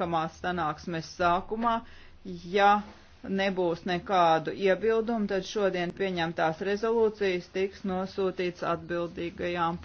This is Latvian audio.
nākamās sanāksmes sākumā, ja nebūs nekādu iebildumu, tad šodien pieņemtās rezolūcijas tiks nosūtīts atbildīgajām.